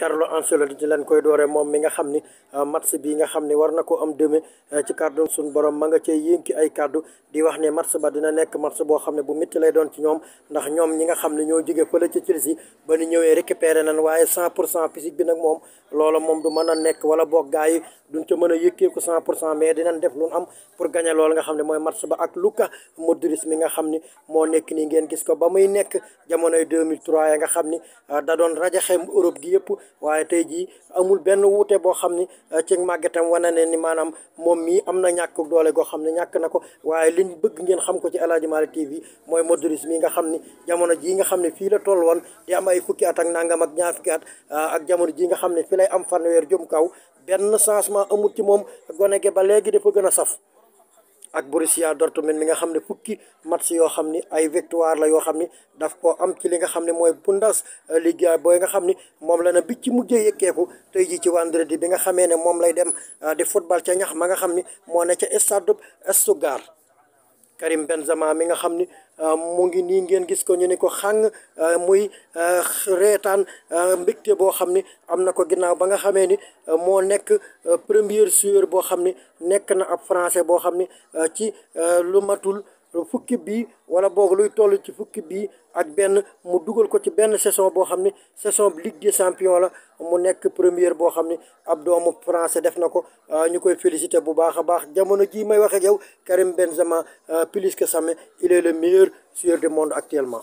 Carlo Ancelotti koy dooree moom mi nga xam ni euh, match bi nga xam ni war na ko am demee euh, ci kàddu suñu borom ma nga cee yënki ay kàddu di wax ne match ba dina nekk match boo xam ne bu métti lay doon ci ñoom ndax ñoom ñi nga xam ne ñoo jóge fële ci Chelsea ba ñu ñëwee récupéré nañ waaye cent pour cent physique bi nag moom loola moom du mën a nekk wala boog gars yi duñ ca mën a yëkkeeku cent pour cent mais dinañ def lu am pour gagner loolu nga xam ne mooy match ba ak Luka Modric mi nga xam ni moo nekk nii ngeen gis ko ba muy nekk jamonoy 2003 ya nga xam ni euh, da doon rajaxem Europe gi yëpp waaye tey jii amul benn wuute boo xam ni uh, ci màggetam wane ne ni maanaam moom mii am na ñàkk doole goo xam ne ñàkk na ko waaye liñ bëgg ngeen xam ko ci Aladji Malick TV mooy Modou mi nga xam ni jamono jii nga xam ne fii la toll woon di am ay fukki at ak nangam ak ñaar fukki at uh, ak jamono jii nga xam ne fi lay am fanweer jëm kaw benn changement amul ci moom gone ge ba léegi dafa gën a saf ak Borussia Dortmund mi nga xam ne fukki match yoo xam ni ay victoire la yoo xam ni daf koo am ci li nga xam ne mooy bundas Bundesliga booy nga xam ni moom la na bi ci mujjee yëkkeeku tey jii ci vendredi bi nga xamee ne moom lay dem ah, de football ca ñax ma nga xam ni moo ne ca stade Stuttgart Karim Benzema mi nga xam ni euh, mu ngi nii ngeen gis ko ñu ni ko xang euh, muy euh, reetaan mbégte boo xam ni am na ko ginnaaw ba nga xamee ni moo nekk premier joueur boo xam ni nekk na ab français boo xam ni ci lu matul fukki bii wala boog luy toll ci fukki bi ak benn mu dugal ko ci benn saison boo xam ne saison Ligue des champions la mu nekk première boo xam ne ab doomu français def na ko euh, ñu koy féliciter bu baax a baax jamono jii may wax jaw yow Karim Benzema plus que jamais il est le meilleur joueur du monde actuellement